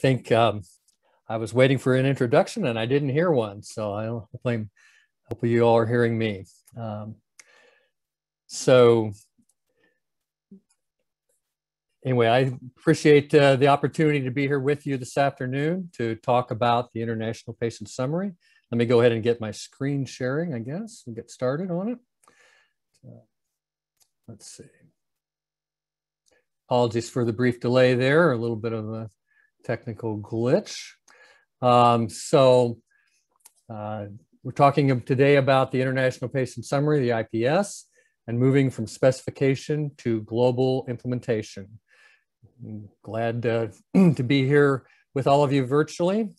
think um, I was waiting for an introduction and I didn't hear one. So I hopefully, you all are hearing me. Um, so anyway, I appreciate uh, the opportunity to be here with you this afternoon to talk about the International Patient Summary. Let me go ahead and get my screen sharing, I guess, and get started on it. Uh, let's see. Apologies for the brief delay there, a little bit of a technical glitch. Um, so uh, we're talking today about the International Patient Summary, the IPS, and moving from specification to global implementation. I'm glad to be here with all of you virtually.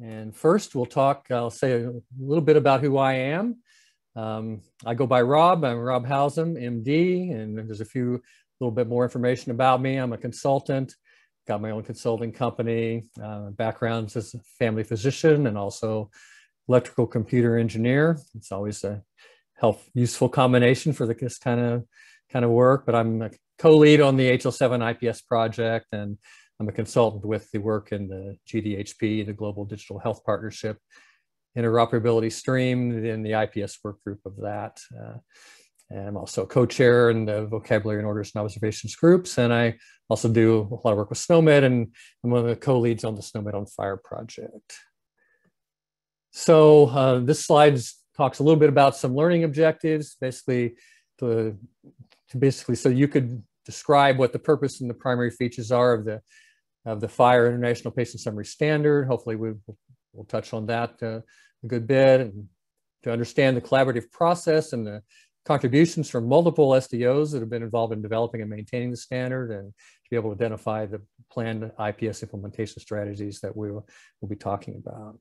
And first we'll talk, I'll say a little bit about who I am. Um, I go by Rob, I'm Rob Hausam, MD, and there's a few, little bit more information about me. I'm a consultant, got my own consulting company. Uh, backgrounds as a family physician and also electrical computer engineer. It's always a health useful combination for the, this kind of kind of work. But I'm a co-lead on the HL7 IPS project, and I'm a consultant with the work in the GDHP, the Global Digital Health Partnership interoperability stream in the IPS work group of that. Uh, and I'm also co-chair in the vocabulary and orders and observations groups. And I also do a lot of work with SNOMED and I'm one of the co-leads on the SNOMED on Fire project. So uh, this slide talks a little bit about some learning objectives, basically to, to basically so you could describe what the purpose and the primary features are of the of the Fire International Patient Summary Standard. Hopefully we, will touch on that uh, a good bit and to understand the collaborative process and the contributions from multiple SDOs that have been involved in developing and maintaining the standard and to be able to identify the planned IPS implementation strategies that we will, be talking about.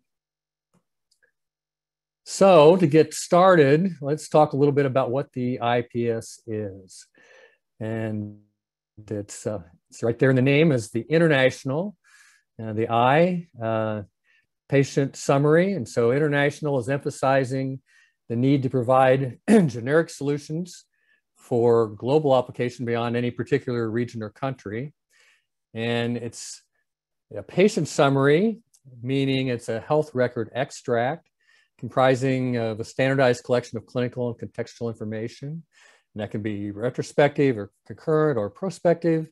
So to get started, let's talk a little bit about what the IPS is. And it's, uh, it's right there in the name is the International, uh, the I, uh, patient summary. And so international is emphasizing the need to provide generic solutions for global application beyond any particular region or country. And it's a patient summary, meaning it's a health record extract comprising of a standardized collection of clinical and contextual information. And that can be retrospective or concurrent or prospective,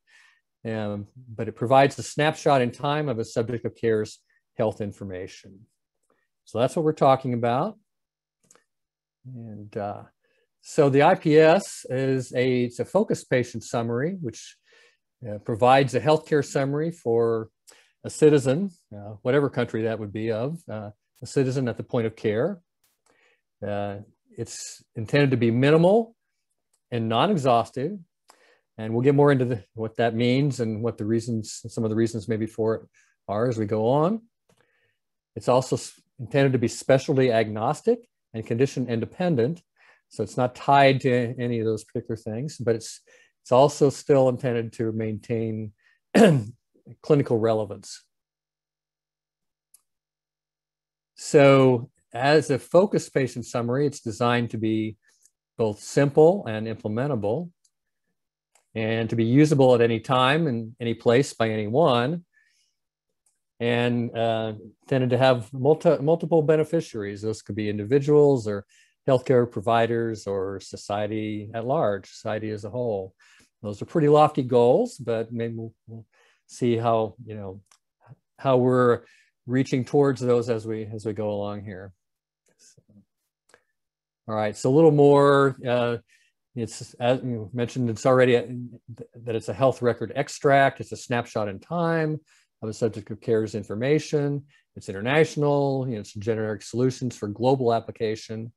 um, but it provides a snapshot in time of a subject of care's health information. So that's what we're talking about. And uh, so the IPS is a, it's a focused patient summary, which uh, provides a healthcare summary for a citizen, uh, whatever country that would be of, uh, a citizen at the point of care. Uh, it's intended to be minimal and non-exhaustive. And we'll get more into the, what that means and what the reasons, some of the reasons maybe for it are as we go on. It's also intended to be specialty agnostic and condition independent. So it's not tied to any of those particular things, but it's, it's also still intended to maintain clinical relevance. So as a focus patient summary, it's designed to be both simple and implementable and to be usable at any time and any place by anyone and uh, tended to have multi, multiple beneficiaries. Those could be individuals or healthcare providers or society at large, society as a whole. Those are pretty lofty goals, but maybe we'll, we'll see how you know how we're reaching towards those as we as we go along here. So, all right, so a little more. Uh, it's as you mentioned, it's already a, that it's a health record extract. It's a snapshot in time of a subject of care is information. It's international, you know, it's generic solutions for global application.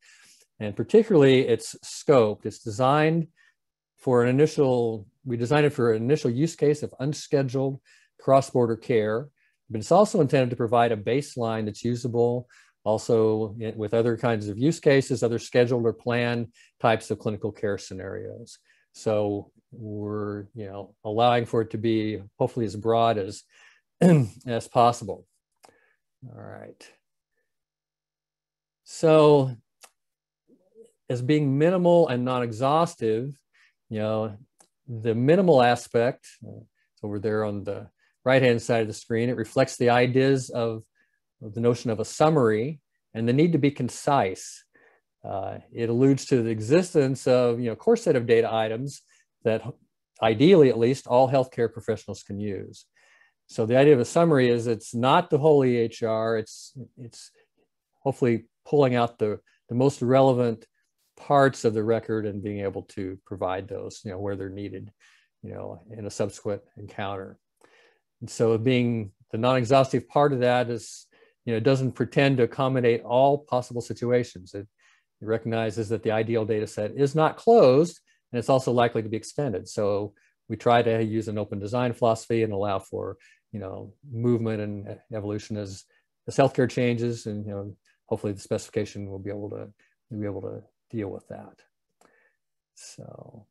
And particularly it's scoped, it's designed for an initial, we designed it for an initial use case of unscheduled cross-border care. But it's also intended to provide a baseline that's usable also with other kinds of use cases, other scheduled or planned types of clinical care scenarios. So we're, you know, allowing for it to be hopefully as broad as as possible. All right. So as being minimal and non-exhaustive, you know, the minimal aspect, it's uh, over there on the right-hand side of the screen, it reflects the ideas of, of the notion of a summary and the need to be concise. Uh, it alludes to the existence of, you know, core set of data items that ideally, at least, all healthcare professionals can use. So the idea of a summary is it's not the whole EHR, it's, it's hopefully pulling out the, the most relevant parts of the record and being able to provide those, you know, where they're needed, you know, in a subsequent encounter. And so being the non-exhaustive part of that is, you know, it doesn't pretend to accommodate all possible situations. It, it recognizes that the ideal data set is not closed and it's also likely to be extended. So we try to use an open design philosophy and allow for you know movement and evolution as as healthcare changes and you know hopefully the specification will be able to be able to deal with that so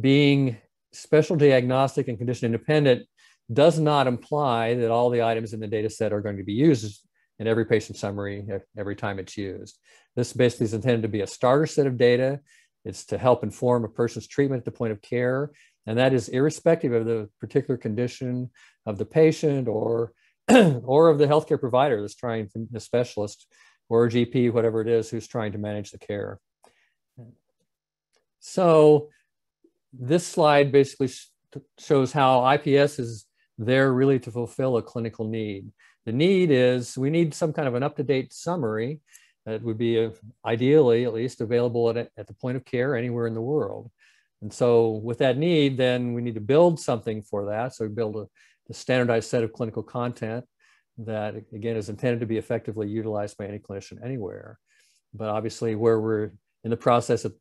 being specialty agnostic and condition independent does not imply that all the items in the data set are going to be used in every patient summary every time it's used this basically is intended to be a starter set of data it's to help inform a person's treatment at the point of care and that is irrespective of the particular condition of the patient or, or of the healthcare provider that's trying to, the specialist or a GP, whatever it is, who's trying to manage the care. So this slide basically sh shows how IPS is there really to fulfill a clinical need. The need is we need some kind of an up-to-date summary that would be uh, ideally at least available at, at the point of care anywhere in the world. And so with that need, then we need to build something for that. So we build a, a standardized set of clinical content that again is intended to be effectively utilized by any clinician anywhere. But obviously where we're in the process at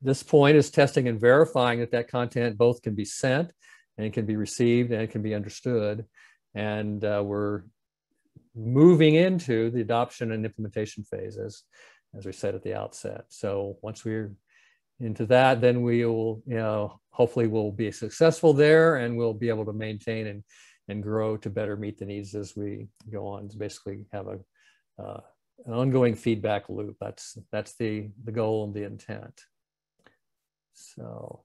this point is testing and verifying that that content both can be sent and can be received and can be understood. And uh, we're moving into the adoption and implementation phases, as we said at the outset. So once we're into that, then we will, you know, hopefully we'll be successful there and we'll be able to maintain and, and grow to better meet the needs as we go on to basically have a, uh, an ongoing feedback loop. That's, that's the, the goal and the intent. So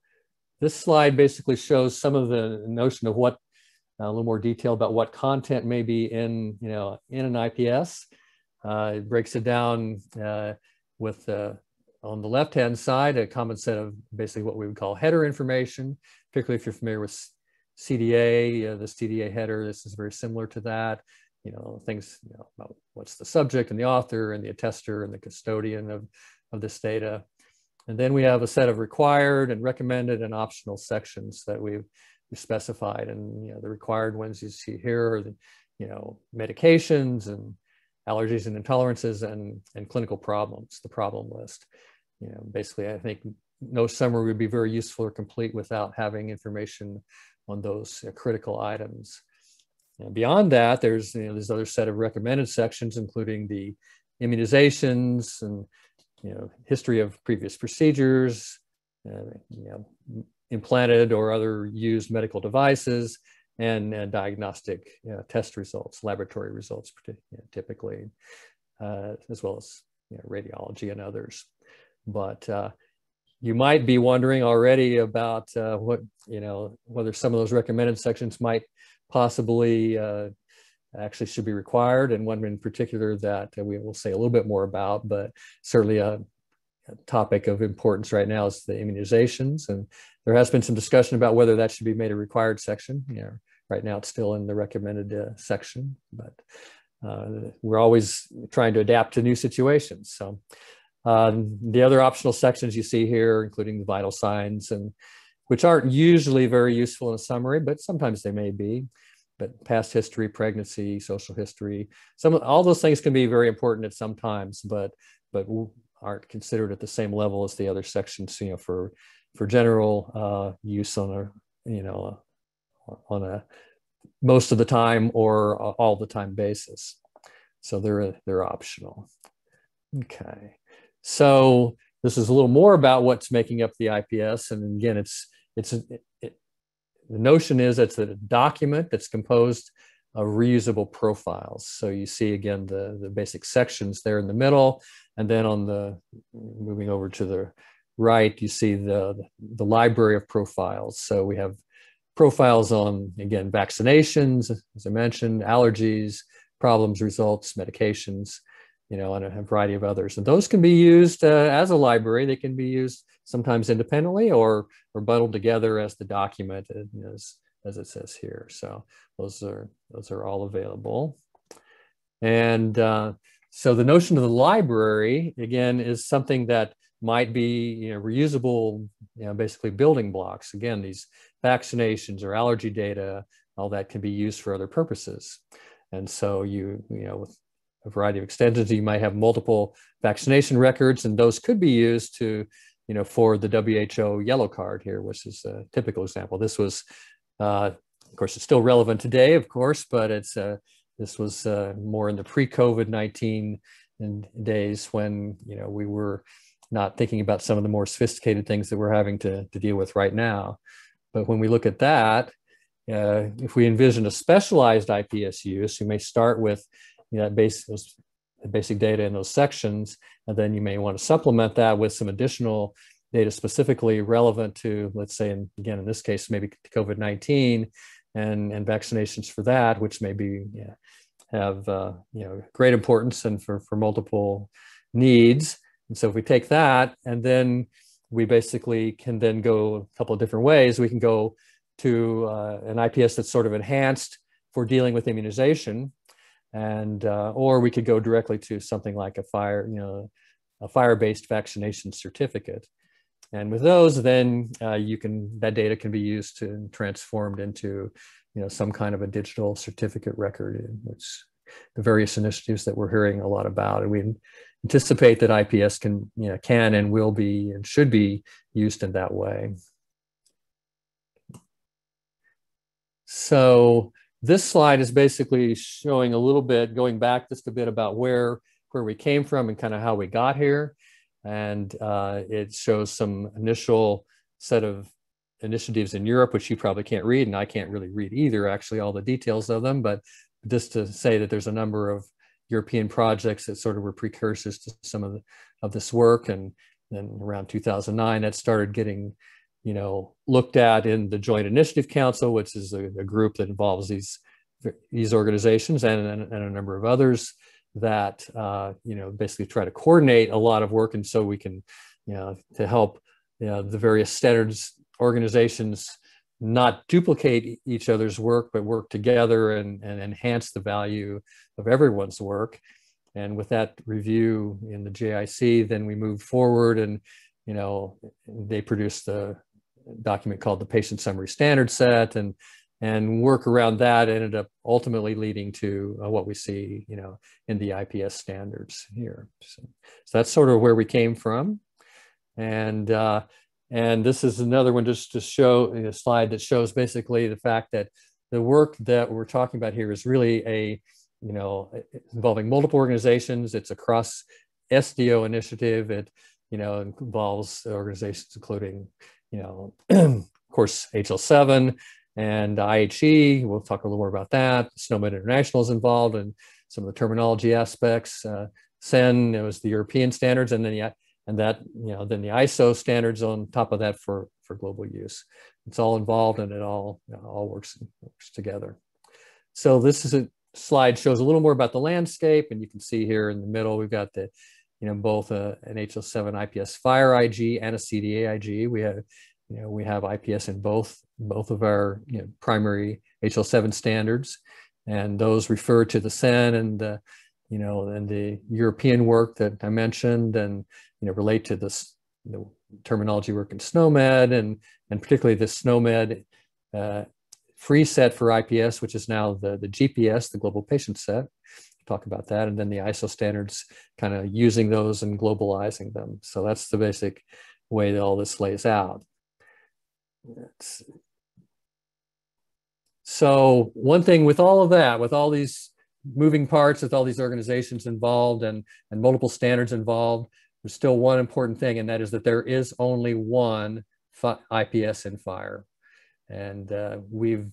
this slide basically shows some of the notion of what, uh, a little more detail about what content may be in, you know, in an IPS. Uh, it breaks it down uh, with uh, on the left-hand side, a common set of basically what we would call header information, particularly if you're familiar with CDA, uh, the CDA header, this is very similar to that. You know, things you know, about what's the subject and the author and the attester and the custodian of, of this data. And then we have a set of required and recommended and optional sections that we've, we've specified. And, you know, the required ones you see here are the, you know, medications and allergies and intolerances and, and clinical problems, the problem list. You know, basically, I think no summary would be very useful or complete without having information on those uh, critical items. And beyond that, there's you know, this other set of recommended sections, including the immunizations and you know, history of previous procedures, uh, you know, implanted or other used medical devices, and uh, diagnostic test results, laboratory results typically, uh, as well as you know, radiology and others. But uh, you might be wondering already about uh, what, you know, whether some of those recommended sections might possibly uh, actually should be required and one in particular that we will say a little bit more about, but certainly a topic of importance right now is the immunizations. And there has been some discussion about whether that should be made a required section. You know, Right now, it's still in the recommended uh, section, but uh, we're always trying to adapt to new situations. So um, the other optional sections you see here, including the vital signs, and which aren't usually very useful in a summary, but sometimes they may be. But past history, pregnancy, social history, some all those things can be very important at some times, but but aren't considered at the same level as the other sections. You know, for for general uh, use on a you know on a most of the time or all the time basis. So they're, they're optional. Okay. So this is a little more about what's making up the IPS. And again, it's, it's, it, it, the notion is it's a document that's composed of reusable profiles. So you see again, the, the basic sections there in the middle. And then on the, moving over to the right, you see the, the library of profiles. So we have profiles on, again, vaccinations, as I mentioned, allergies, problems, results, medications, you know, and a variety of others. And those can be used uh, as a library. They can be used sometimes independently or, or bundled together as the document as, as it says here. So those are, those are all available. And uh, so the notion of the library, again, is something that might be you know, reusable, you know, basically building blocks. Again, these vaccinations or allergy data, all that can be used for other purposes. And so you, you know, with a variety of extensions, you might have multiple vaccination records and those could be used to, you know, for the WHO yellow card here, which is a typical example. This was, uh, of course, it's still relevant today, of course, but it's, uh, this was uh, more in the pre-COVID-19 days when, you know, we were not thinking about some of the more sophisticated things that we're having to, to deal with right now. But when we look at that, uh, if we envision a specialized IPSU, so you may start with you know, that base, those, basic data in those sections, and then you may want to supplement that with some additional data specifically relevant to, let's say, and again, in this case, maybe COVID-19 and, and vaccinations for that, which may be, yeah, have uh, you know, great importance and for, for multiple needs. And so if we take that and then we basically can then go a couple of different ways. We can go to uh, an IPS that's sort of enhanced for dealing with immunization, and uh, or we could go directly to something like a fire, you know, a fire-based vaccination certificate. And with those, then uh, you can that data can be used and transformed into, you know, some kind of a digital certificate record, which the various initiatives that we're hearing a lot about, and we anticipate that IPS can, you know, can and will be and should be used in that way. So this slide is basically showing a little bit, going back just a bit about where, where we came from and kind of how we got here. And uh, it shows some initial set of initiatives in Europe, which you probably can't read, and I can't really read either, actually, all the details of them. But just to say that there's a number of European projects that sort of were precursors to some of the, of this work. And then around 2009, that started getting, you know, looked at in the Joint Initiative Council, which is a, a group that involves these these organizations and, and, and a number of others that uh, you know basically try to coordinate a lot of work, and so we can, you know, to help you know, the various standards organizations not duplicate each other's work, but work together and, and enhance the value of everyone's work. And with that review in the JIC, then we moved forward and, you know, they produced a document called the Patient Summary Standard Set and, and work around that ended up ultimately leading to uh, what we see, you know, in the IPS standards here. So, so that's sort of where we came from. And uh, and this is another one just to show a slide that shows basically the fact that the work that we're talking about here is really a, you know, involving multiple organizations. It's a cross SDO initiative. It, you know, involves organizations including, you know, of course, HL7 and IHE. We'll talk a little more about that. Snowman International is involved and in some of the terminology aspects. Uh, SEN, it was the European standards, and then yeah and that you know then the ISO standards on top of that for for global use. It's all involved and it all you know, all works works together. So this is a slide shows a little more about the landscape, and you can see here in the middle we've got the you know both a, an HL7 IPS fire IG and a CDA IG. We have you know we have IPS in both both of our you know, primary HL7 standards, and those refer to the SEN and the you know and the European work that I mentioned and you know, relate to this terminology work in SNOMED and, and particularly the SNOMED uh, free set for IPS, which is now the, the GPS, the global patient set. talk about that. And then the ISO standards, kind of using those and globalizing them. So that's the basic way that all this lays out. So one thing with all of that, with all these moving parts, with all these organizations involved and, and multiple standards involved, there's still one important thing, and that is that there is only one IPS in fire. And uh, we've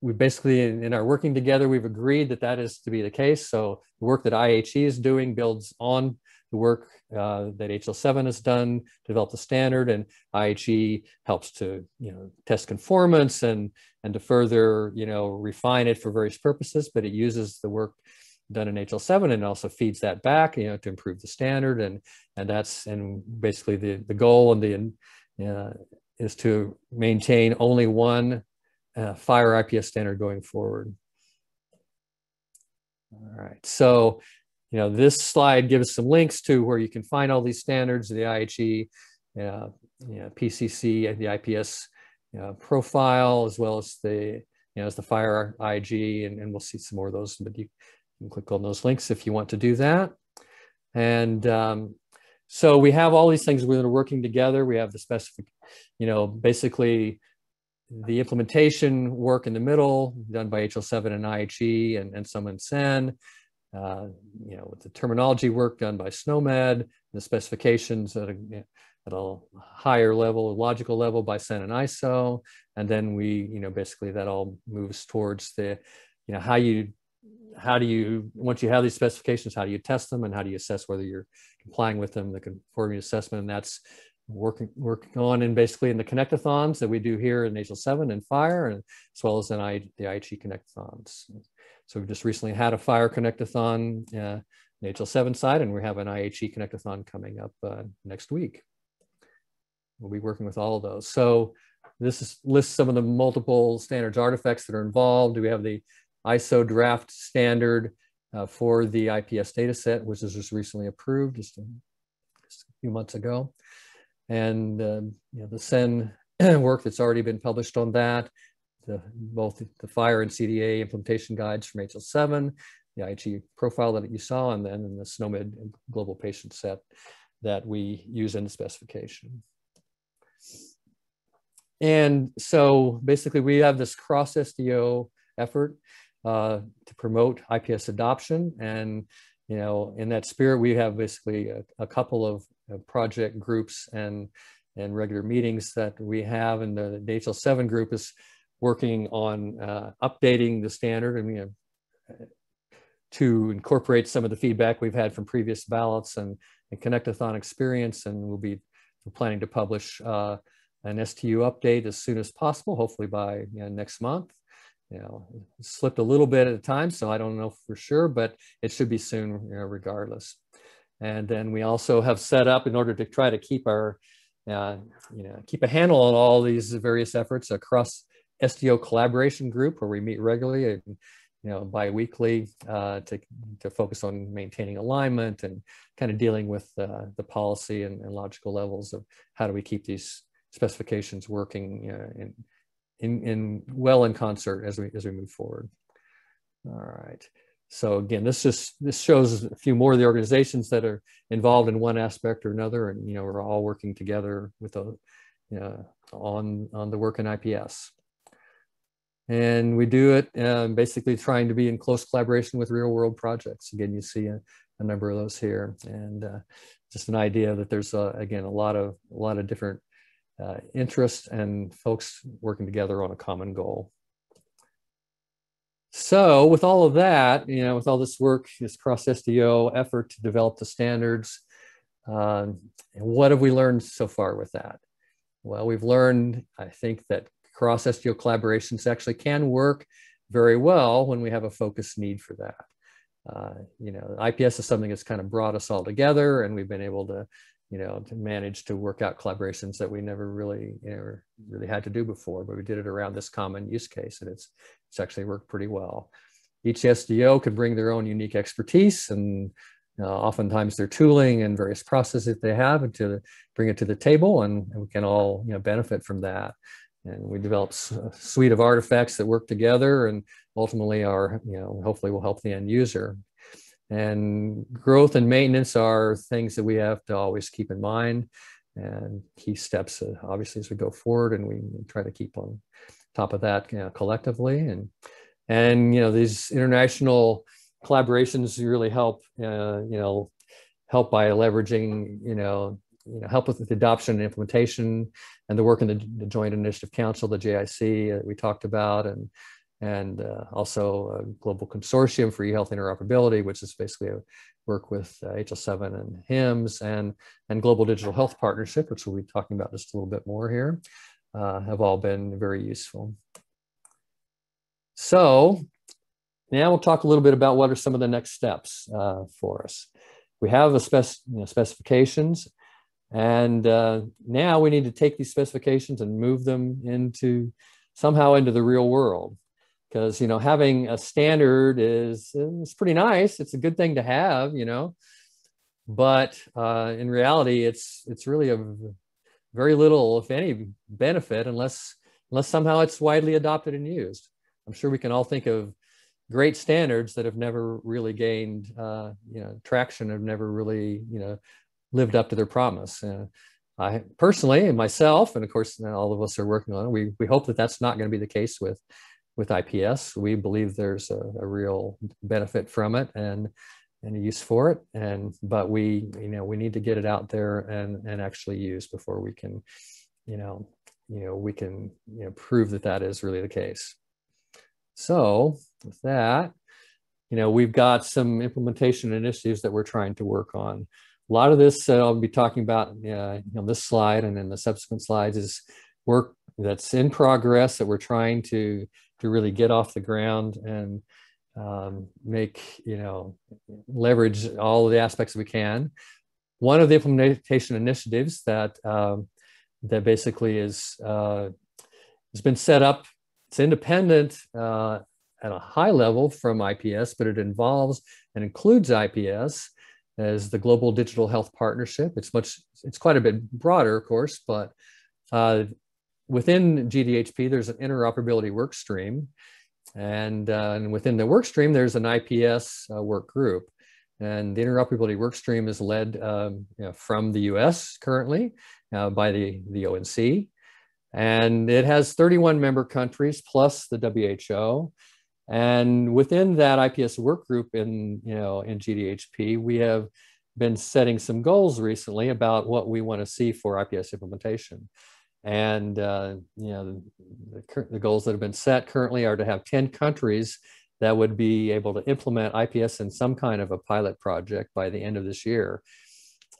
we basically in, in, our working together we've agreed that that is to be the case so the work that ihe is doing builds on the work uh, that hl7 has done develop the standard and ihe helps to you know test conformance and and to further you know refine it for various purposes but it uses the work done in HL7 and also feeds that back, you know, to improve the standard. And, and that's, and basically the, the goal and the, uh, is to maintain only one uh, fire IPS standard going forward. All right, so, you know, this slide gives some links to where you can find all these standards, the IHE, uh, you know, PCC, the IPS you uh, know, profile, as well as the, you know, as the fire IG, and, and we'll see some more of those, but you, click on those links if you want to do that. And um, so we have all these things that are working together. We have the specific, you know, basically the implementation work in the middle done by HL7 and IHE and, and some in SEN, uh, you know, with the terminology work done by SNOMED, the specifications at a, at a higher level, logical level by SEN and ISO. And then we, you know, basically that all moves towards the, you know, how you how do you once you have these specifications how do you test them and how do you assess whether you're complying with them the conformity assessment and that's working working on and basically in the connectathons that we do here in nasal 7 and fire and as well as in I, the IHE connectathons so we just recently had a fire connectathon uh, 7 side and we have an IHE connectathon coming up uh, next week we'll be working with all of those so this is, lists some of the multiple standards artifacts that are involved. Do we have the ISO draft standard uh, for the IPS data set, which was just recently approved just a, just a few months ago. And um, you know, the SEN work that's already been published on that, the, both the FIRE and CDA implementation guides from HL7, the IHE profile that you saw, and then the SNOMED global patient set that we use in the specification. And so basically we have this cross SDO effort uh, to promote IPS adoption. And you know, in that spirit, we have basically a, a couple of project groups and and regular meetings that we have. And the, the 7 group is working on uh, updating the standard and you uh, know, to incorporate some of the feedback we've had from previous ballots and, and Connectathon experience. And we'll be planning to publish uh, an STU update as soon as possible, hopefully by you know, next month know, slipped a little bit at a time, so I don't know for sure, but it should be soon you know, regardless. And then we also have set up in order to try to keep our, uh, you know, keep a handle on all these various efforts across SDO collaboration group where we meet regularly and, you know, biweekly uh, to, to focus on maintaining alignment and kind of dealing with uh, the policy and, and, logical levels of how do we keep these specifications working you uh, know, in, in, in well in concert as we as we move forward. All right. So again, this just this shows a few more of the organizations that are involved in one aspect or another, and you know we're all working together with a know, uh, on on the work in IPS. And we do it um, basically trying to be in close collaboration with real world projects. Again, you see a, a number of those here, and uh, just an idea that there's again a lot of a lot of different uh, interest and folks working together on a common goal. So with all of that, you know, with all this work, this cross-SDO effort to develop the standards, um, what have we learned so far with that? Well, we've learned, I think, that cross-SDO collaborations actually can work very well when we have a focused need for that. Uh, you know, IPS is something that's kind of brought us all together and we've been able to you know, to manage to work out collaborations that we never really, you know, really had to do before, but we did it around this common use case and it's, it's actually worked pretty well. Each SDO can bring their own unique expertise and uh, oftentimes their tooling and various processes that they have and to bring it to the table and, we can all, you know, benefit from that. And we develop a suite of artifacts that work together and ultimately are, you know, hopefully will help the end user and growth and maintenance are things that we have to always keep in mind and key steps, uh, obviously, as we go forward and we try to keep on top of that you know, collectively. And, and, you know, these international collaborations really help, uh, you know, help by leveraging, you know, you know, help with the adoption and implementation and the work in the, the Joint Initiative Council, the JIC, uh, we talked about, and and uh, also a global consortium for e-health interoperability, which is basically a work with uh, HL7 and HIMSS and, and Global Digital Health Partnership, which we'll be talking about just a little bit more here, uh, have all been very useful. So now we'll talk a little bit about what are some of the next steps uh, for us. We have the spec you know, specifications and uh, now we need to take these specifications and move them into somehow into the real world because you know having a standard is it's pretty nice it's a good thing to have you know but uh, in reality it's it's really a very little if any benefit unless unless somehow it's widely adopted and used i'm sure we can all think of great standards that have never really gained uh, you know traction have never really you know lived up to their promise and uh, i personally myself and of course all of us are working on it we, we hope that that's not going to be the case with with IPS. We believe there's a, a, real benefit from it and and a use for it. And but we you know we need to get it out there and and actually use before we can you know you know we can you know prove that that is really the case. So with that, you know we've got some implementation initiatives that we're trying to work on. A lot of this uh, I'll be talking about uh, on this slide and in the subsequent slides is work that's in progress that we're trying to to really get off the ground and um, make you know leverage all the aspects we can. One of the implementation initiatives that um, that basically is uh, has been set up. It's independent uh, at a high level from IPS, but it involves and includes IPS as the Global Digital Health Partnership. It's much it's quite a bit broader, of course, but uh, within GDHP, there's an interoperability work stream. And, uh, and within the work stream, there's an IPS uh, work group. And the interoperability work stream is led um, you know, from the US currently uh, by the, the ONC. And it has 31 member countries plus the WHO. And within that IPS work group in, you know, in GDHP, we have been setting some goals recently about what we want to see for IPS implementation. And uh, you know the, the, goals that have been set currently are to have 10 countries that would be able to implement IPS in some kind of a pilot project by the end of this year.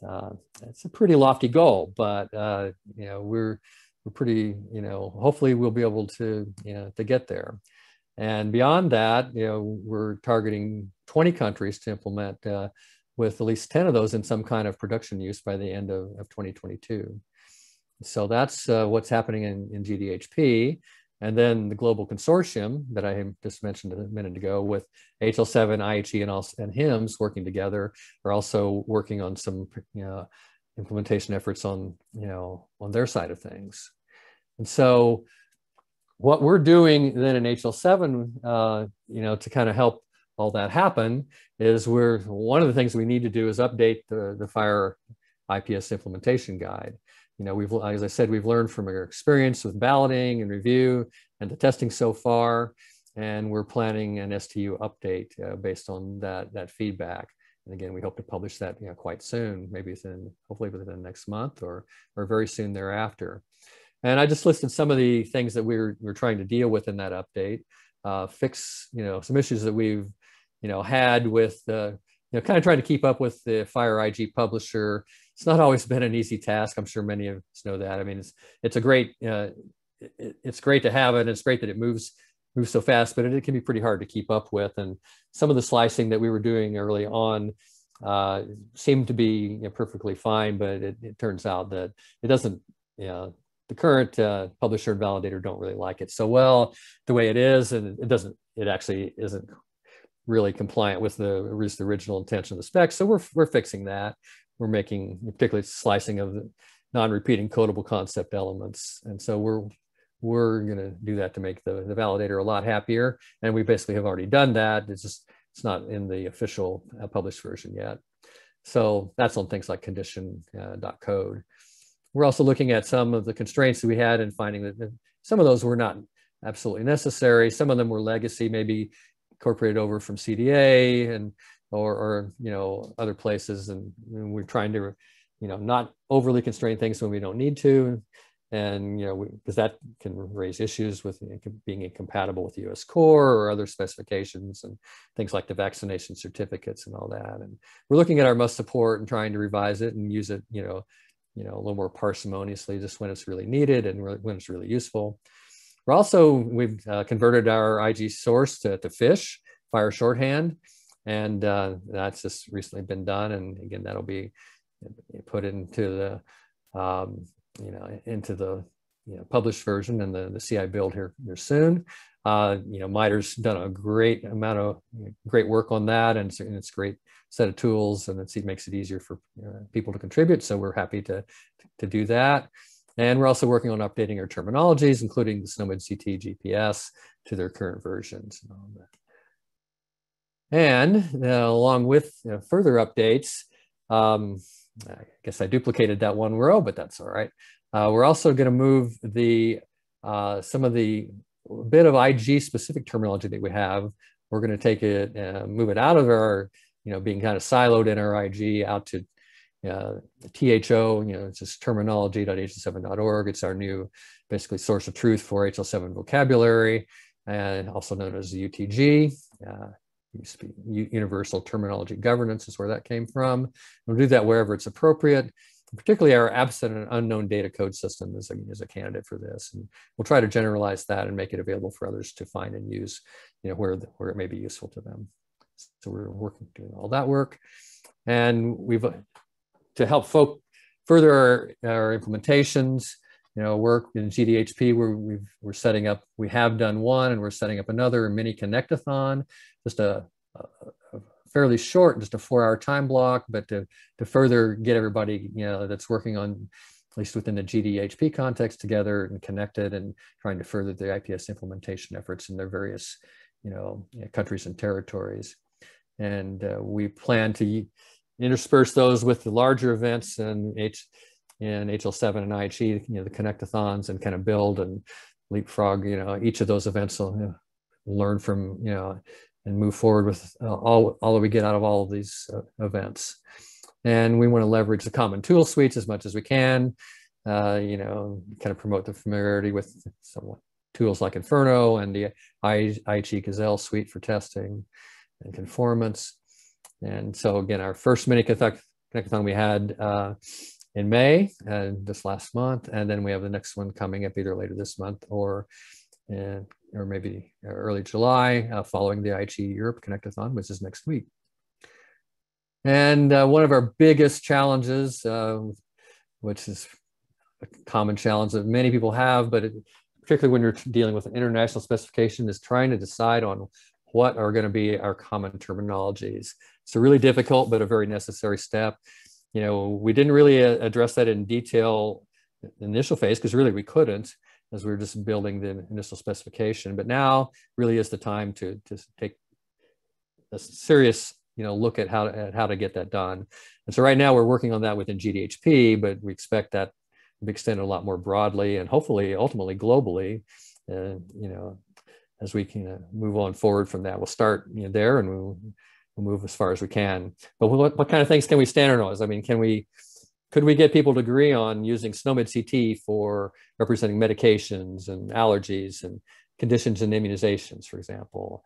Uh, it's a pretty lofty goal, but uh, you know we're we're pretty you know hopefully we'll be able to you know to get there. And beyond that, you know we're targeting 20 countries to implement uh, with at least 10 of those in some kind of production use by the end of, of 2022. So that's uh, what's happening in, in GDHP. And then the global consortium that I just mentioned a minute ago with HL7, IHE, and, also, and working together are also working on some you know, implementation efforts on, you know, on their side of things. And so what we're doing then in HL7, uh, you know, to kind of help all that happen is we're, one of the things we need to do is update the, the FHIR IPS implementation guide you know, we've, as I said, we've learned from our experience with balloting and review and the testing so far, and we're planning an STU update uh, based on that, that feedback. And again, we hope to publish that you know, quite soon, maybe within, hopefully within the next month or, or very soon thereafter. And I just listed some of the things that we we're, we're trying to deal with in that update, uh, fix, you know, some issues that we've, you know, had with, uh, you know, kind of trying to keep up with the Fire IG publisher it's not always been an easy task. I'm sure many of us know that. I mean, it's it's a great uh, it, it's great to have it. It's great that it moves moves so fast, but it, it, can be pretty hard to keep up with. And some of the slicing that we were doing early on uh, seemed to be you know, perfectly fine, but it, it, turns out that it doesn't. You know, the current uh, publisher and validator don't really like it so well the way it is, and it doesn't. It actually isn't really compliant with the, the original intention of the spec. So we're, we're fixing that we're making particularly slicing of the non-repeating codable concept elements. And so we're we're going to do that to make the, the validator a lot happier. And we basically have already done that. It's just it's not in the official uh, published version yet. So that's on things like condition uh, code. We're also looking at some of the constraints that we had and finding that some of those were not absolutely necessary. Some of them were legacy, maybe incorporated over from CDA and or, or you know other places and, and we're trying to you know not overly constrain things when we don't need to and you know because that can raise issues with being incompatible with the US core or other specifications and things like the vaccination certificates and all that and we're looking at our must support and trying to revise it and use it you know you know a little more parsimoniously just when it's really needed and when it's really useful we're also we've uh, converted our IG source to, to fish fire shorthand and uh, that's just recently been done. And again, that'll be put into the um, you know into the you know, published version and the, the CI build here, here soon. Uh, you know, Miter's done a great amount of great work on that, and it's, and it's a great set of tools, and it makes it easier for you know, people to contribute. So we're happy to to do that. And we're also working on updating our terminologies, including the Snowman CT GPS to their current versions and all that. And uh, along with you uh, know, further updates, um, I guess I duplicated that one row, but that's all right. Uh, we're also going to move the uh, some of the bit of IG specific terminology that we have. We're going to take it, uh, move it out of our, you know, being kind of siloed in our IG out to uh, THO, you know, it's just terminology.hl7.org. It's our new basically source of truth for HL7 vocabulary and also known as the UTG. Uh, universal terminology governance is where that came from. We'll do that wherever it's appropriate. Particularly our absent and unknown data code system is a, is a candidate for this. And we'll try to generalize that and make it available for others to find and use, you know, where, the, where it may be useful to them. So we're working, doing all that work. And we've, to help folk further our, our implementations, you know, work in GDHP where we've, we're setting up, we have done one and we're setting up another mini connectathon, just a, a, fairly short, just a four hour time block, but to, to further get everybody, you know, that's working on, at least within the GDHP context together and connected and trying to further the IPS implementation efforts in their various, you know, countries and territories. And uh, we plan to intersperse those with the larger events and H in HL7 and IHE, you know, the connectathons and kind of build and leapfrog, you know, each of those events will you know, learn from, you know, and move forward with uh, all, all that we get out of all of these uh, events. And we want to leverage the common tool suites as much as we can, uh, you know, kind of promote the familiarity with some tools like Inferno and the IHE Gazelle suite for testing and conformance. And so again, our first mini connectathon we had uh, in May uh, this last month, and then we have the next one coming up either later this month or uh, or maybe uh, early July uh, following the IT Europe Connectathon, which is next week. And uh, one of our biggest challenges, uh, which is a common challenge that many people have, but it, particularly when you're dealing with an international specification, is trying to decide on what are going to be our common terminologies. It's a really difficult but a very necessary step you know, we didn't really uh, address that in detail initial phase because really we couldn't as we were just building the initial specification. But now really is the time to, to take a serious you know, look at how, to, at how to get that done. And so right now we're working on that within GDHP, but we expect that to be extended a lot more broadly and hopefully ultimately globally, uh, you know, as we can uh, move on forward from that, we'll start you know, there and we'll we'll move as far as we can. But what, what kind of things can we standardize? I mean, can we, could we get people to agree on using SNOMED CT for representing medications and allergies and conditions and immunizations, for example,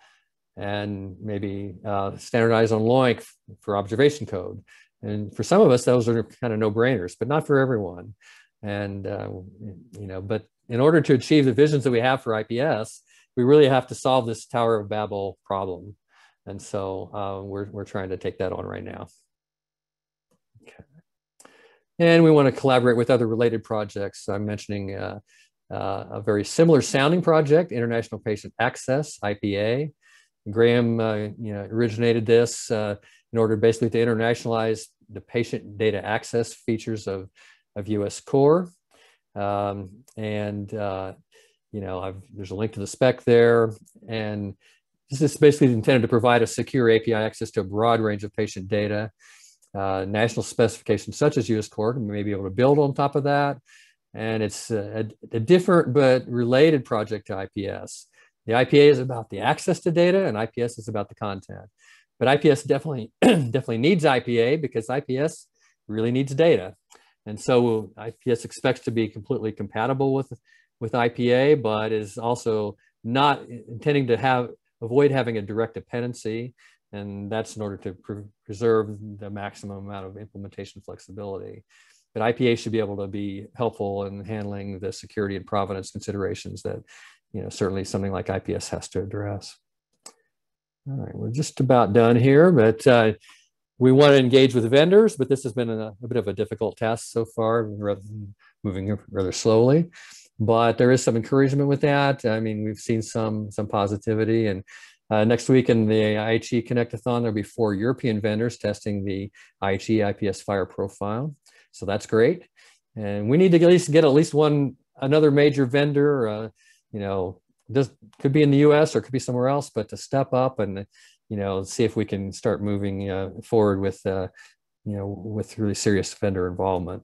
and maybe uh, standardize on LOINC for observation code? And for some of us, those are kind of no-brainers, but not for everyone. And, uh, you know, but in order to achieve the visions that we have for IPS, we really have to solve this Tower of Babel problem. And so um, we're, we're trying to take that on right now. Okay. And we want to collaborate with other related projects. I'm mentioning uh, uh, a very similar sounding project, International Patient Access, IPA. Graham uh, you know, originated this uh, in order basically to internationalize the patient data access features of, of US core. Um, and, uh, you know, I've, there's a link to the spec there. And this is basically intended to provide a secure API access to a broad range of patient data. Uh, national specifications such as US Court may be able to build on top of that. And it's a, a, different but related project to IPS. The IPA is about the access to data and IPS is about the content. But IPS definitely, definitely needs IPA because IPS really needs data. And so IPS expects to be completely compatible with, with IPA, but is also not intending to have avoid having a direct dependency. And that's in order to pre preserve the maximum amount of implementation flexibility. But IPA should be able to be helpful in handling the security and provenance considerations that, you know, certainly something like IPS has to address. All right, we're just about done here, but uh, we want to engage with vendors, but this has been a, a bit of a difficult task so far, rather moving rather slowly but there is some encouragement with that. I mean, we've seen some some positivity. And uh, next week in the IHE Connectathon, there'll be four European vendors testing the IHE IPS fire profile. So that's great. And we need to at least get at least one another major vendor. Uh, you know, this could be in the U.S. or could be somewhere else, but to step up and you know see if we can start moving uh, forward with uh, you know with really serious vendor involvement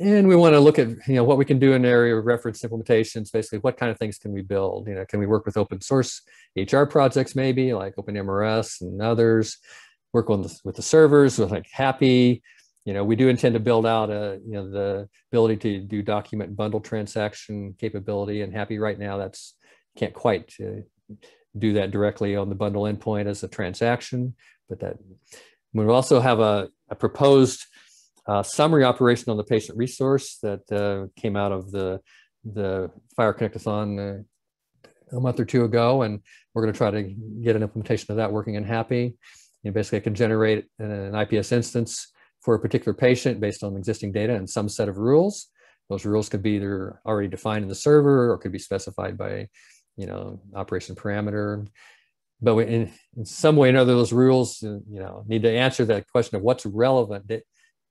and we want to look at you know what we can do in the area of reference implementations basically what kind of things can we build you know can we work with open source hr projects maybe like openmrs and others work on the, with the servers with like happy you know we do intend to build out a you know the ability to do document bundle transaction capability and happy right now that's can't quite uh, do that directly on the bundle endpoint as a transaction but that we also have a, a proposed uh, summary operation on the patient resource that uh, came out of the, the Fire Connectathon uh, a month or two ago, and we're going to try to get an implementation of that working in Happy. You know, basically, I can generate an IPS instance for a particular patient based on existing data and some set of rules. Those rules could be either already defined in the server or could be specified by, you know, operation parameter. But in, in some way or another, those rules, uh, you know, need to answer that question of what's relevant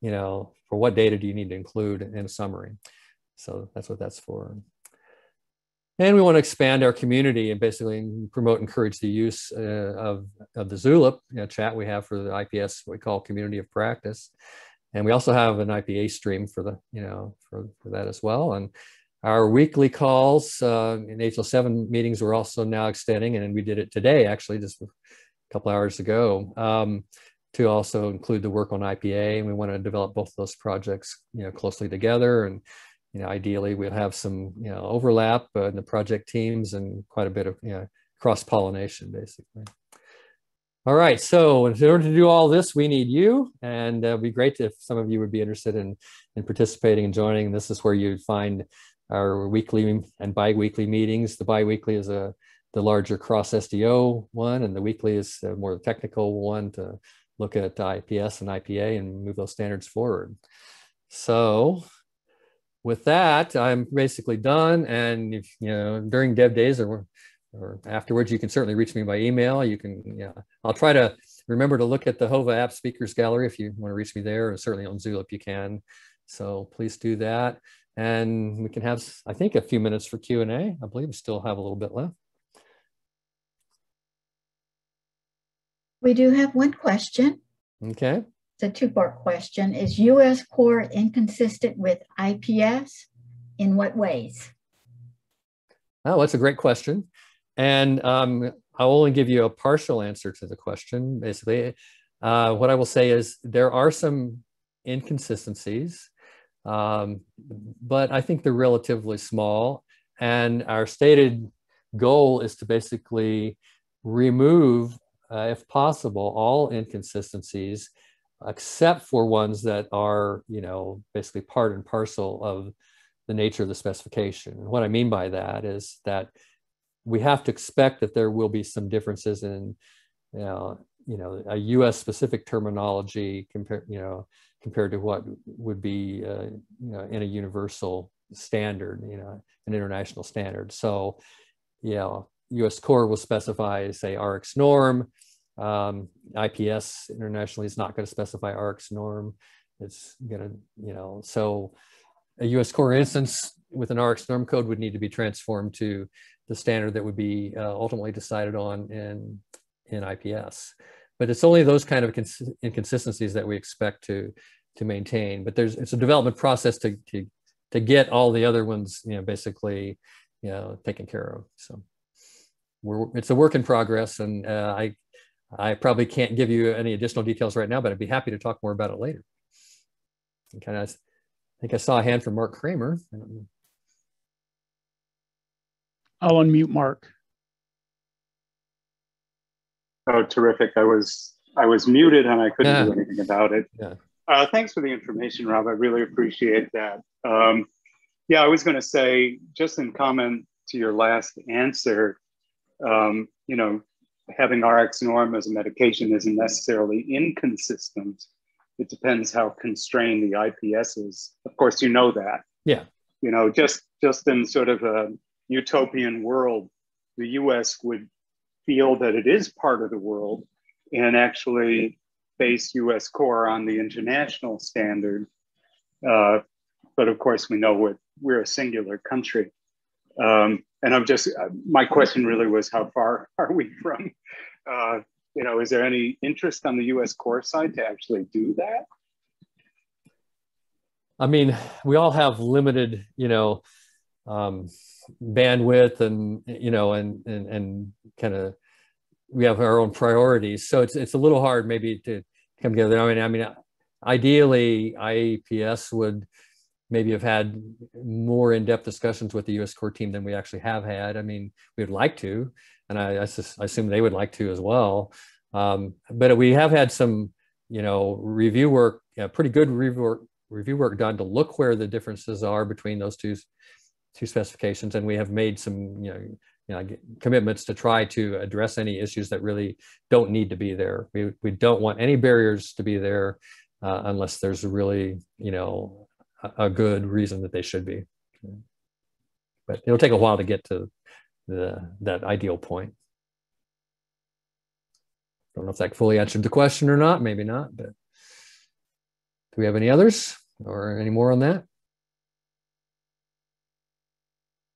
you know, for what data do you need to include in a summary? So that's what that's for. And we want to expand our community and basically promote and encourage the use uh, of, of the Zulip you know, chat we have for the IPS, what we call community of practice. And we also have an IPA stream for the, you know, for, for that as well. And our weekly calls uh, in HL7 meetings we're also now extending, and we did it today, actually, just a couple hours ago. Um, to also include the work on IPA. And we want to develop both those projects, you know, closely together. And, you know, ideally we'll have some, you know, overlap uh, in the project teams and quite a bit of, you know, cross-pollination basically. All right, so in order to do all this, we need you. And uh, it'd be great if some of you would be interested in, in participating and joining. This is where you'd find our weekly and bi-weekly meetings. The bi-weekly is a uh, the larger cross SDO one, and the weekly is uh, more technical one to look at IPS and IPA and move those standards forward. So with that, I'm basically done. And if you know during dev days or or afterwards, you can certainly reach me by email. You can, yeah, I'll try to remember to look at the HOVA app speakers gallery if you want to reach me there, and certainly on Zulip if you can. So please do that. And we can have, I think, a few minutes for Q&A. I believe we still have a little bit left. We do have one question. Okay. It's a two part question. Is US core inconsistent with IPS? In what ways? Oh, that's a great question. And um, I'll only give you a partial answer to the question. Basically, uh, what I will say is there are some inconsistencies, um, but I think they're relatively small. And our stated goal is to basically remove uh, if possible, all inconsistencies except for ones that are, you know, basically part and parcel of the nature of the specification. And what I mean by that is that we have to expect that there will be some differences in, you know, you know a U.S. specific terminology compared, you know, compared to what would be, uh, you know, in a universal standard, you know, an international standard. So, you know, U.S. core will specify, say, RX norm, um, IPS internationally is not going to specify ARCS norm. It's going to, you know, so a US core instance with an RX norm code would need to be transformed to the standard that would be uh, ultimately decided on in, in IPS. But it's only those kind of inconsistencies that we expect to, to maintain. But there's it's a development process to, to, to get all the other ones, you know, basically, you know, taken care of. So we're, it's a work in progress. And uh, I I probably can't give you any additional details right now, but I'd be happy to talk more about it later. And kind of, I think I saw a hand from Mark Kramer. I'll unmute Mark. Oh, terrific! I was I was muted and I couldn't yeah. do anything about it. Yeah. Uh, thanks for the information, Rob. I really appreciate that. Um, yeah, I was going to say just in comment to your last answer, um, you know, having RX norm as a medication isn't necessarily inconsistent. It depends how constrained the IPS is. Of course, you know that. Yeah. You know, just just in sort of a utopian world, the U.S. would feel that it is part of the world and actually base U.S. core on the international standard. Uh, but of course, we know we're, we're a singular country. Um, and I'm just, uh, my question really was how far are we from, uh, you know, is there any interest on the US core side to actually do that? I mean, we all have limited, you know, um, bandwidth and, you know, and, and, and kind of, we have our own priorities. So it's, it's a little hard maybe to come together. I mean, I mean, ideally IAPS would, maybe have had more in-depth discussions with the U.S. core team than we actually have had. I mean, we'd like to, and I, I, I assume they would like to as well. Um, but we have had some, you know, review work, pretty good review work, review work done to look where the differences are between those two two specifications, and we have made some, you know, you know, commitments to try to address any issues that really don't need to be there. We we don't want any barriers to be there. Uh, unless there's really, you know, a good reason that they should be. But it'll take a while to get to the that ideal point. Don't know if that fully answered the question or not. Maybe not. But do we have any others or any more on that?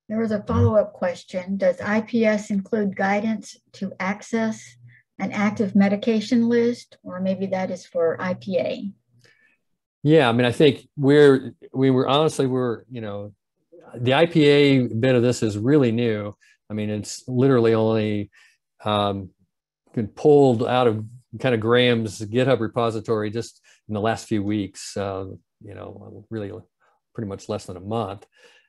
There was a follow-up question. Does IPS include guidance to access an active medication list, or maybe that is for IPA? Yeah, I mean, I think we're we were honestly we're you know, the IPA bit of this is really new. I mean, it's literally only um, pulled out of kind of Graham's GitHub repository just in the last few weeks. Uh, you know, really pretty much less than a month,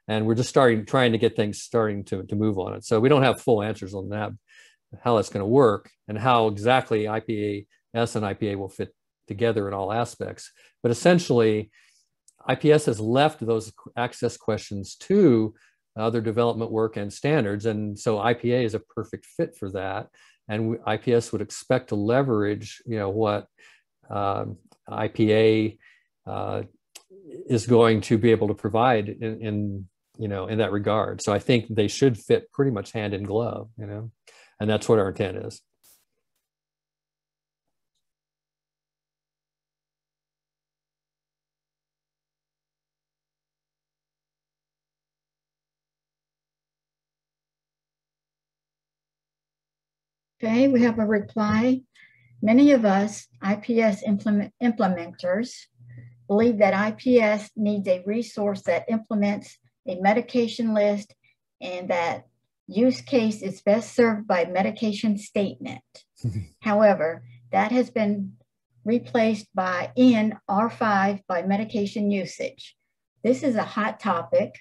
and we're just starting trying to get things starting to to move on it. So we don't have full answers on that, how that's going to work, and how exactly IPA S and IPA will fit together in all aspects. But essentially, IPS has left those access questions to other development work and standards. And so IPA is a perfect fit for that. And IPS would expect to leverage, you know, what um, IPA uh, is going to be able to provide in, in, you know, in that regard. So I think they should fit pretty much hand in glove, you know, and that's what our intent is. we have a reply. Many of us IPS implement implementers believe that IPS needs a resource that implements a medication list and that use case is best served by medication statement. However, that has been replaced by in R5 by medication usage. This is a hot topic.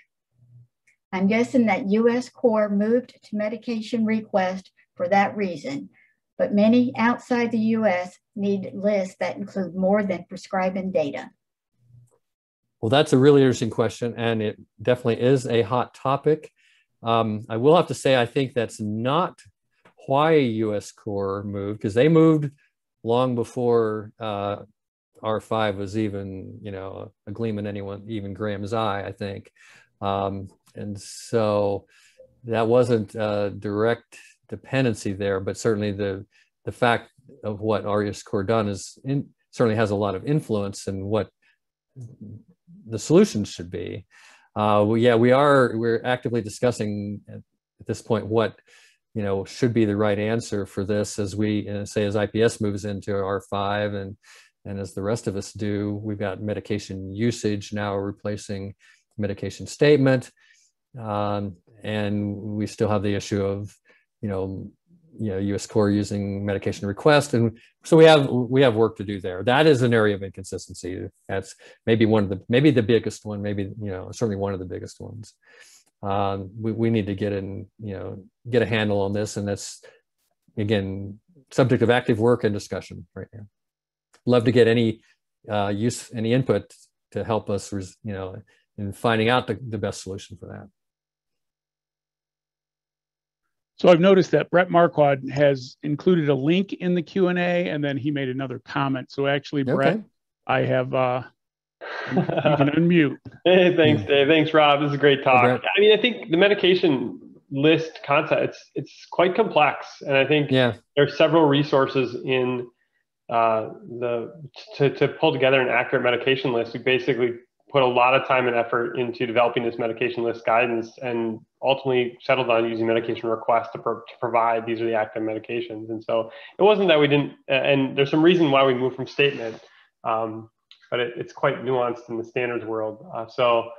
I'm guessing that US Corps moved to medication request for that reason, but many outside the US need lists that include more than prescribing data. Well, that's a really interesting question, and it definitely is a hot topic. Um, I will have to say, I think that's not why US Corps moved, because they moved long before uh, R5 was even, you know, a gleam in anyone, even Graham's eye, I think. Um, and so that wasn't a uh, direct dependency there, but certainly the the fact of what Arius Cordon is in, certainly has a lot of influence in what the solution should be. Uh, well, yeah, we are we're actively discussing at this point what you know should be the right answer for this as we uh, say as IPS moves into R5 and and as the rest of us do, we've got medication usage now replacing medication statement. Um, and we still have the issue of you know, you know, U.S. Corps using medication request, and so we have we have work to do there. That is an area of inconsistency. That's maybe one of the maybe the biggest one, maybe you know certainly one of the biggest ones. Um, we we need to get in you know get a handle on this, and that's again subject of active work and discussion right now. Love to get any uh, use any input to help us you know in finding out the, the best solution for that. So I've noticed that Brett Marquard has included a link in the Q and A, and then he made another comment. So actually, okay. Brett, I have uh, you can unmute. Hey, thanks, Dave. Thanks, Rob. This is a great talk. I mean, I think the medication list concept it's it's quite complex, and I think yeah. there are several resources in uh, the to, to pull together an accurate medication list. We basically put a lot of time and effort into developing this medication list guidance and ultimately settled on using medication requests to, pro- to, provide these are the active medications. And so it wasn't that we didn't, and there's some reason why we moved from statement, um, but it, it's quite nuanced in the standards world. Uh, so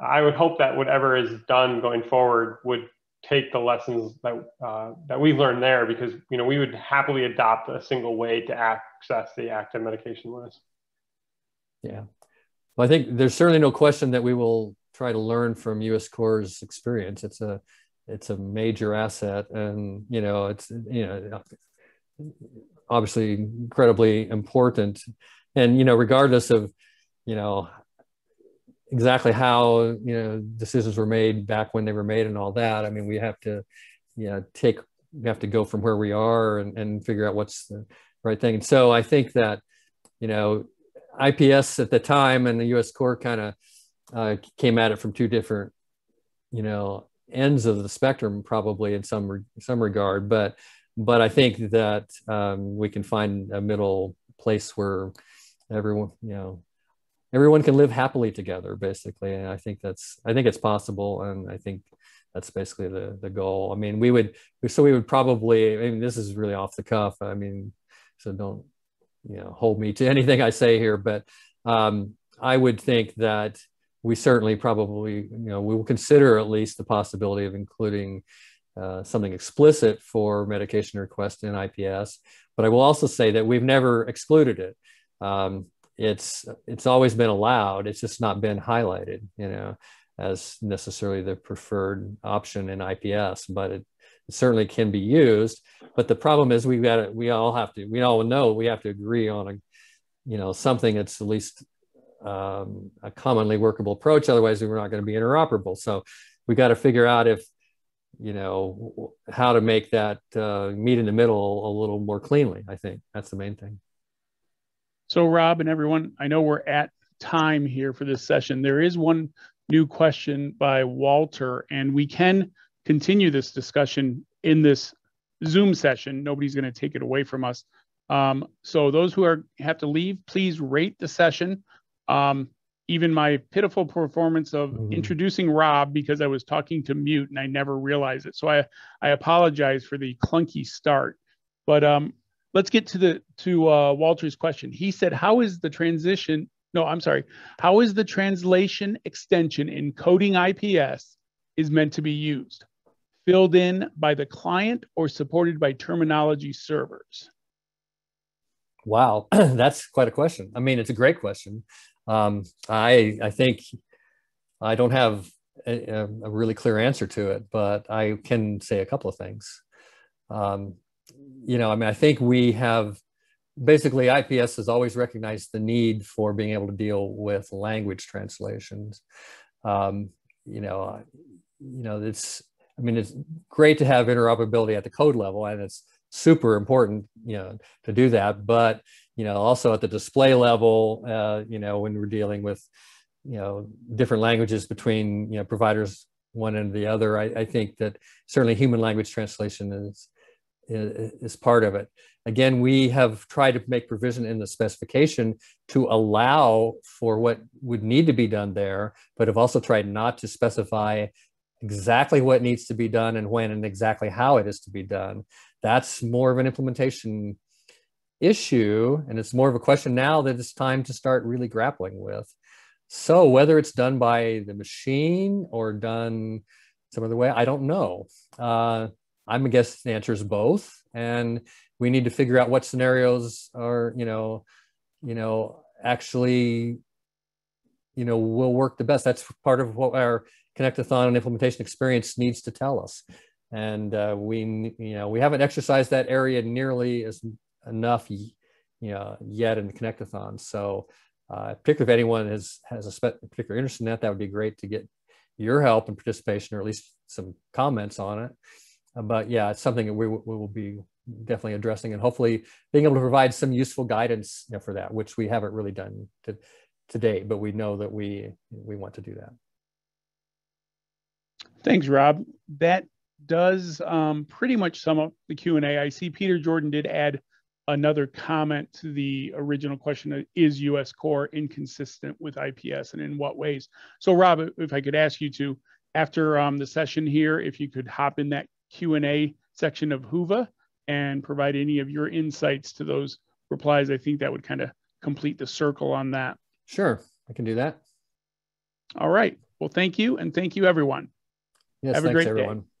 I would hope that whatever is done going forward would take the lessons that, uh, that we've learned there because you know we would happily adopt a single way to access the active medication list. Yeah, well, I think there's certainly no question that we will try to learn from U.S. Corps' experience. It's a it's a major asset, and you know it's you know obviously incredibly important. And you know, regardless of you know exactly how you know decisions were made back when they were made and all that, I mean, we have to you know take we have to go from where we are and, and figure out what's the right thing. And so I think that you know IPS at the time and the U.S. Corps kind of uh, came at it from two different, you know, ends of the spectrum, probably in some re- some regard. But but I think that um, we can find a middle place where everyone, you know, everyone can live happily together, basically. And I think that's I think it's possible, and I think that's basically the the goal. I mean, we would so we would probably. I mean, this is really off the cuff. I mean, so don't you know hold me to anything I say here, but um, I would think that we certainly probably you know we will consider at least the possibility of including uh, something explicit for medication request in IPS. But I will also say that we've never excluded it. Um, it's it's always been allowed. It's just not been highlighted, you know, as necessarily the preferred option in IPS. But it it certainly can be used, but the problem is we've got to, we all have to, we all know we have to agree on a, you know, something that's at least um, a commonly workable approach. Otherwise, we're not going to be interoperable. So we got to figure out if, you know, how to make that uh, meet in the middle a little more cleanly. I think that's the main thing. So, Rob and everyone, I know we're at time here for this session. There is one new question by Walter, and we can continue this discussion in this Zoom session. Nobody's going to take it away from us. Um, so those who are have to leave, please rate the session. Um, even my pitiful performance of mm -hmm. introducing Rob because I was talking to mute and I never realized it. So I I apologize for the clunky start. But um, let's get to the to uh, Walter's question. He said, "How is the transition? No, I'm sorry. How is the translation extension in coding IPS is meant to be used?" filled in by the client or supported by terminology servers? Wow, that's quite a question. I mean, it's a great question. Um, I I think I don't have a, a, really clear answer to it, but I can say a couple of things. Um, you know, I mean, I think we have basically IPS has always recognized the need for being able to deal with language translations. Um, you know, you know, it's I mean, it's great to have interoperability at the code level, and it's super important, you know, to do that. But you know, also at the display level, uh, you know, when we're dealing with, you know, different languages between you know providers one and the other, I, I think that certainly human language translation is is part of it. Again, we have tried to make provision in the specification to allow for what would need to be done there, but have also tried not to specify exactly what needs to be done and when and exactly how it is to be done. That's more of an implementation issue. And it's more of a question now that it's time to start really grappling with. So whether it's done by the machine or done some other way, I don't know. Uh, I'm a guess the answer is both. And we need to figure out what scenarios are, you know, you know, actually, you know, will work the best. That's part of what our Connectathon and implementation experience needs to tell us. And uh, we, you know, we haven't exercised that area nearly as enough, you know, yet in the Connectathon. So, uh, particularly if anyone has has a particular interest in that, that would be great to get your help and participation, or at least some comments on it. Uh, but yeah, it's something that we, we will be definitely addressing, and hopefully being able to provide some useful guidance you know, for that, which we haven't really done to, today. but we know that we we want to do that. Thanks, Rob. That does um, pretty much sum up the Q&A. I see Peter Jordan did add another comment to the original question, is US core inconsistent with IPS and in what ways? So Rob, if I could ask you to, after um, the session here, if you could hop in that Q&A section of Hoover and provide any of your insights to those replies, I think that would kind of complete the circle on that. Sure, I can do that. All right, well, thank you and thank you everyone. Yes, Have thanks, a great everyone. Day.